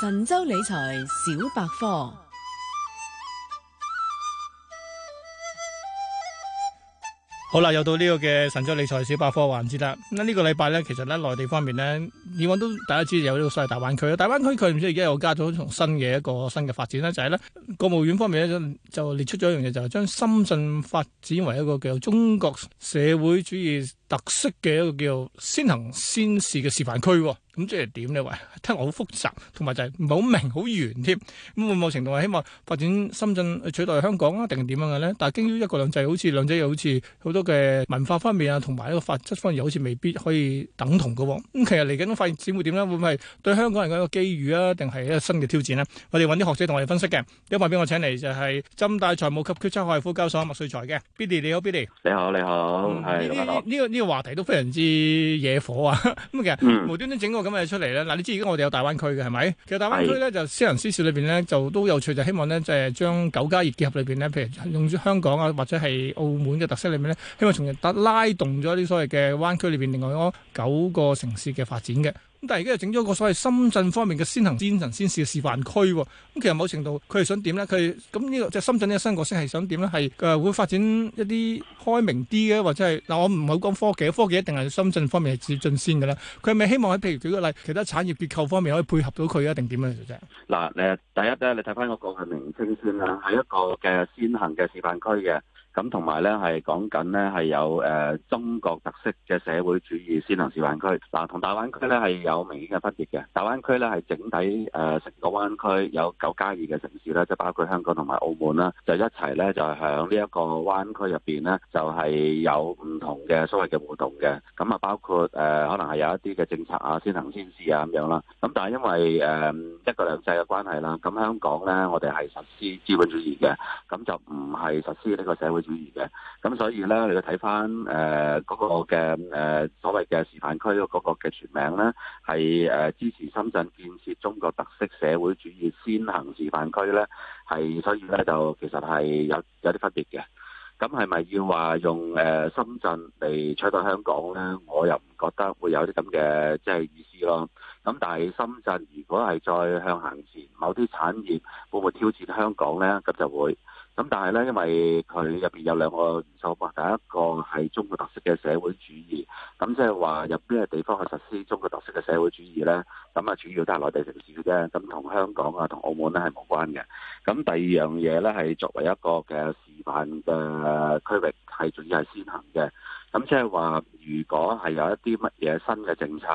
神州理財小百科，好啦，又到呢個嘅神州理財小百科環節啦。咁呢個禮拜咧，其實咧內地方面咧，以往都大家知有呢個所謂大灣區啦。大灣區佢唔知而家又加咗重新嘅一個新嘅發展啦，就係咧國務院方面咧就列出咗一樣嘢，就係將深圳發展為一個叫中國社會主義。特色嘅一個叫先行先試嘅示範區，咁、啊、即係點呢？喂，聽落好複雜，同埋就係唔係好明、好圓添。咁有冇程度係希望發展深圳取代香港啊？定係點樣嘅咧？但係經於一國兩制，好似兩者又好似好多嘅文化方面啊，同埋一個法則方面又好似未必可以等同嘅。咁、啊、其實嚟緊發展會點咧？會唔會係對香港人嘅一個機遇啊？定係一個新嘅挑戰咧？我哋揾啲學者同我哋分析嘅，第一位俾我請嚟就係浸大財務及決策學系副教授麥萃才嘅 Billy，你好 Billy，你好，你好，係呢個話題都非常之惹火啊！咁 其實、嗯、無端端整個咁嘅嘢出嚟咧，嗱你知而家我哋有大灣區嘅係咪？其實大灣區咧就先行先試裏邊咧就都有趣，就是、希望咧就係、是、將九加二結合裏邊咧，譬如用咗香港啊或者係澳門嘅特色裏面咧，希望從而搭拉動咗啲所謂嘅灣區裏邊另外嗰九個城市嘅發展嘅。但係而家又整咗個所謂深圳方面嘅先行先行先試嘅示範區，哦，咁其實某程度佢係想點咧？佢咁呢個即係深圳呢個新角色係想點咧？係誒會發展一啲開明啲嘅？或者係嗱，我唔係好講科技，科技一定係深圳方面係最先進嘅啦。佢係咪希望喺譬如舉個例，其他產業結構方面可以配合到佢一定點樣？嗱誒，第一咧，你睇翻個個名稱先啦，係一個嘅先行嘅示範區嘅。咁同埋咧，係講緊咧係有誒、呃、中國特色嘅社會主義先行示範區，嗱、呃、同大灣區咧係有明顯嘅分別嘅。大灣區咧係整體誒成、呃、個灣區有九加二嘅城市啦，即係包括香港同埋澳門啦，就一齊咧就喺呢一個灣區入邊咧，就係、是、有唔同嘅所謂嘅活動嘅。咁啊包括誒、呃、可能係有一啲嘅政策啊，先行先試啊咁樣啦。咁但係因為誒、呃、一國兩制嘅關係啦，咁香港咧我哋係實施資本主義嘅，咁就唔係實施呢個社會。主義嘅，咁所以呢，你去睇翻誒嗰個嘅誒、呃、所謂嘅示範區嗰個嘅全名呢，係誒、呃、支持深圳建設中國特色社會主義先行示範區呢，係，所以呢，就其實係有有啲分別嘅。咁係咪要話用誒深圳嚟取代香港呢？我又唔覺得會有啲咁嘅即係意思咯。咁但係深圳如果係再向行前，某啲產業會唔會挑戰香港呢？咁就會。咁但係咧，因為佢入邊有兩個元素，第一個係中國特色嘅社會主義，咁即係話入邊嘅地方去實施中國特色嘅社會主義咧，咁啊主要都係內地城市嘅啫，咁同香港啊同澳門咧係無關嘅。咁第二樣嘢咧係作為一個嘅示範嘅區域，係仲要係先行嘅。咁即係話，如果係有一啲乜嘢新嘅政策，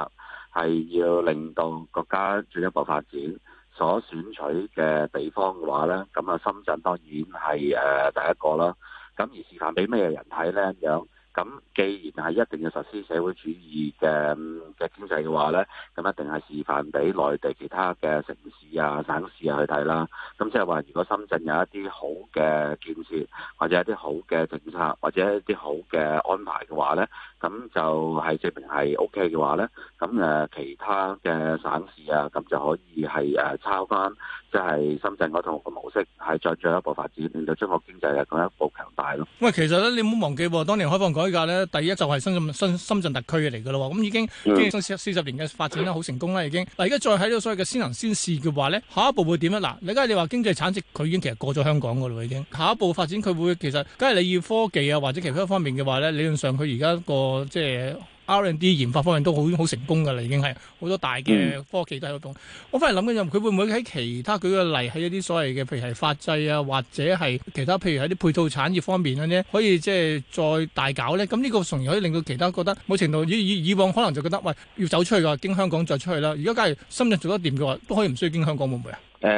係要令到國家進一步發展。所選取嘅地方嘅話呢，咁啊深圳當然係誒第一個啦。咁而示範俾咩人睇呢？咁樣？咁既然係一定要實施社會主義嘅嘅經濟嘅話咧，咁一定係示範俾內地其他嘅城市啊、省市啊去睇啦。咁即係話，如果深圳有一啲好嘅建設或者一啲好嘅政策，或者一啲好嘅安排嘅話咧，咁就係證明係 OK 嘅話咧，咁誒其他嘅省市啊，咁就可以係誒抄翻，即係深圳嗰套嘅模式，係再進一步發展，令到中國經濟係進一步強大咯。喂，其實咧，你唔好忘記，啊，當年開放改革咧，第一就係、是、深圳深深圳特區嚟噶咯，咁已經已經四、四十年嘅發展咧，好成功啦已經。嗱、啊，而家再喺到所謂嘅先行先試嘅話咧，下一步會點咧？嗱、啊，你家你話經濟產值佢已經其實過咗香港噶啦，已經，下一步發展佢會其實，梗係你要科技啊，或者其他方面嘅話咧，理論上佢而家個即係。啲研發方面都好好成功㗎啦，已經係好多大嘅科技都喺度。我反而諗緊，有佢會唔會喺其他舉個例，喺一啲所謂嘅，譬如係法制啊，或者係其他，譬如喺啲配套產業方面咧，可以即係再大搞咧？咁、這、呢個從而可以令到其他覺得冇程度以以以往可能就覺得喂、哎、要走出去㗎，經香港再出去啦。而家假如深圳做得掂嘅話，都可以唔需要經香港，會唔會啊？誒，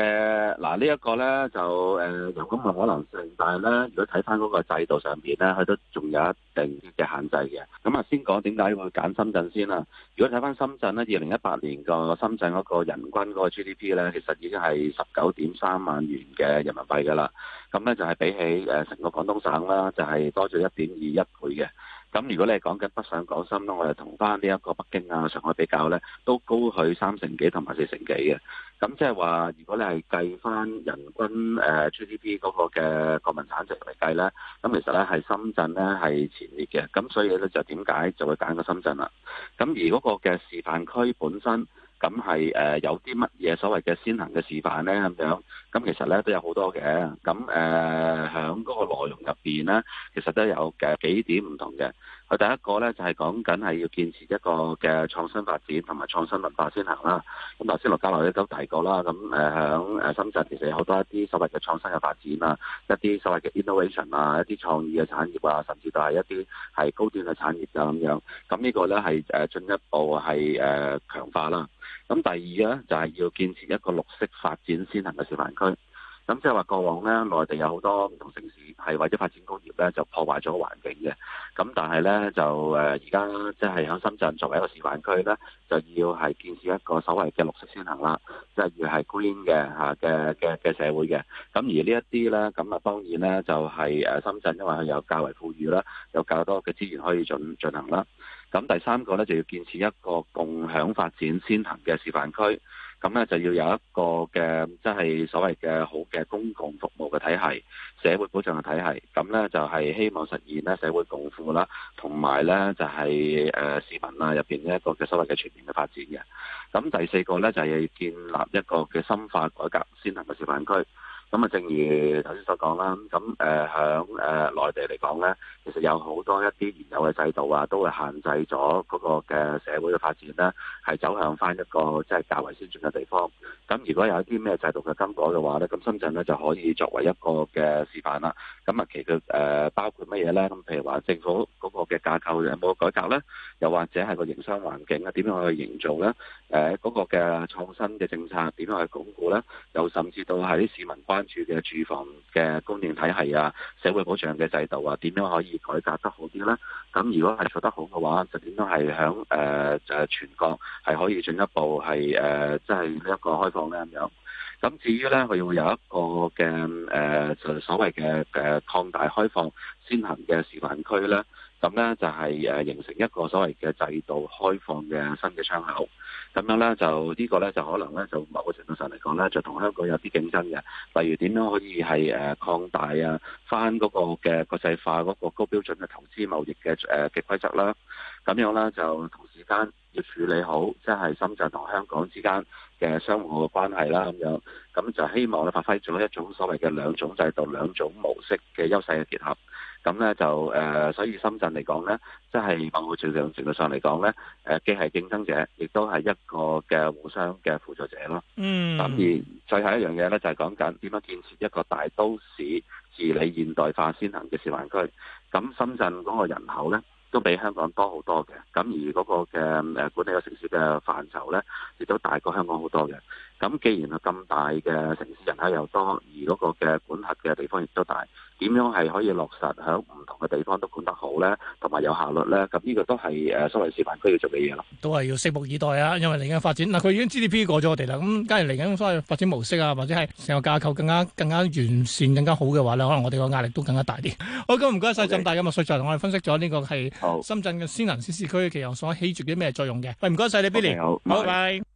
嗱呢一個呢，就誒有咁嘅可能性，但係呢，如果睇翻嗰個制度上邊呢，佢都仲有一定嘅限制嘅。咁啊，先講點解我揀深圳先啦，啊。如果睇翻深圳呢，二零一八年個深圳嗰個人均嗰個 G D P 呢，其實已經係十九點三萬元嘅人民幣噶啦。咁呢，就係比起誒成個廣東省啦，就係、是、多咗一點二一倍嘅。咁如果你係講緊北上廣深啦，我哋同翻呢一個北京啊、上海比較呢，都高佢三成幾同埋四成幾嘅。咁即係話，如果你係計返人均誒 GDP 嗰個嘅國民產值嚟計呢，咁其實呢係深圳呢係前列嘅，咁所以呢，就點解就會揀個深圳啦？咁而嗰個嘅示範區本身，咁係誒有啲乜嘢所謂嘅先行嘅示範呢？咁樣。咁其實呢都有好多嘅，咁誒喺嗰個內容入邊呢，其實都有嘅幾點唔同嘅。第一個咧就係、是、講緊係要建設一個嘅創新發展同埋創新文化先行啦。咁頭先陸家樂都提過啦，咁誒響誒深圳其實有好多一啲所謂嘅創新嘅發展啊，一啲所謂嘅 innovation 啊，一啲創意嘅產業啊，甚至都係一啲係高端嘅產業啊。咁樣。咁呢個咧係誒進一步係誒強化啦。咁第二咧就係、是、要建設一個綠色發展先行嘅示範區。咁即係話過往呢，內地有好多唔同城市係為咗發展工業呢，就破壞咗環境嘅。咁但係呢，就誒，而家即係喺深圳作為一個示範區呢，就要係建設一個所謂嘅綠色先行啦，即係要係 green 嘅吓嘅嘅嘅社會嘅。咁而呢一啲呢，咁啊當然呢，就係、是、誒深圳，因為佢有較為富裕啦，有較多嘅資源可以進進行啦。咁第三個呢，就要建設一個共享發展先行嘅示範區。咁咧就要有一個嘅即係所謂嘅好嘅公共服務嘅體系、社會保障嘅體系，咁咧就係希望實現咧社會共富啦，同埋咧就係、是、誒、呃、市民啊入邊一個嘅所謂嘅全面嘅發展嘅。咁第四個咧就係、是、建立一個嘅深化改革先行嘅示範區。咁啊，正如頭先所講啦，咁誒響誒內地嚟講咧，其實有好多一啲現有嘅制度啊，都係限制咗嗰個嘅社會嘅發展咧，係走向翻一個即係較為先進嘅地方。咁如果有一啲咩制度嘅更改嘅話咧，咁深圳咧就可以作為一個嘅示範啦。咁啊，其實誒包括乜嘢咧？咁譬如話政府嗰個嘅架構有冇改革咧？又或者係個營商環境啊，點樣去營造咧？誒嗰個嘅創新嘅政策點樣去鞏固咧？又甚至到喺市民關住嘅住房嘅供應體系啊，社會保障嘅制度啊，點樣可以改革得好啲呢？咁如果係做得好嘅話，就點樣係響誒就係、是、全國係可以進一步係誒，即係、呃就是、一個開放呢？咁樣。咁至於呢，佢會有一個嘅誒、呃、就所謂嘅誒擴大開放先行嘅示範區呢。咁咧就係誒形成一個所謂嘅制度開放嘅新嘅窗口，咁樣咧就呢個咧就可能咧就某個程度上嚟講咧，就同香港有啲競爭嘅。例如點樣可以係誒擴大啊，翻嗰個嘅國際化嗰個高標準嘅投資貿易嘅誒嘅規則啦。咁樣咧就同時間要處理好，即係深圳同香港之間嘅相互嘅關係啦。咁樣咁就希望咧發揮咗一種所謂嘅兩種制度、兩種模式嘅優勢嘅結合。咁咧就誒、呃，所以深圳嚟講咧，即係喺量程度上嚟講咧，誒既係競爭者，亦都係一個嘅互相嘅輔助者咯。嗯。咁而最後一樣嘢咧，就係、是、講緊點樣建設一個大都市治理現代化先行嘅示範區。咁深圳嗰個人口咧，都比香港多好多嘅。咁而嗰個嘅誒管理嘅城市嘅範疇咧，亦都大過香港好多嘅。咁既然係咁大嘅城市，人口又多，而嗰個嘅管轄嘅地方亦都大，點樣係可以落實喺唔同嘅地方都管得好咧，同埋有，有效率咧？咁呢個都係誒所謂示範區要做嘅嘢咯。都係要拭目以待啊！因為嚟緊發展，嗱、啊、佢已經 GDP 過咗我哋啦，咁假如嚟緊所謂發展模式啊，或者係成個架構更加更加完善、更加好嘅話咧，可能我哋個壓力都更加大啲。 好，咁唔該晒，浸大嘅麥 Sir 就同我哋分析咗呢個係好深圳嘅先行先試區其實所起住啲咩作用嘅。喂，唔該晒，你，Billy。拜拜。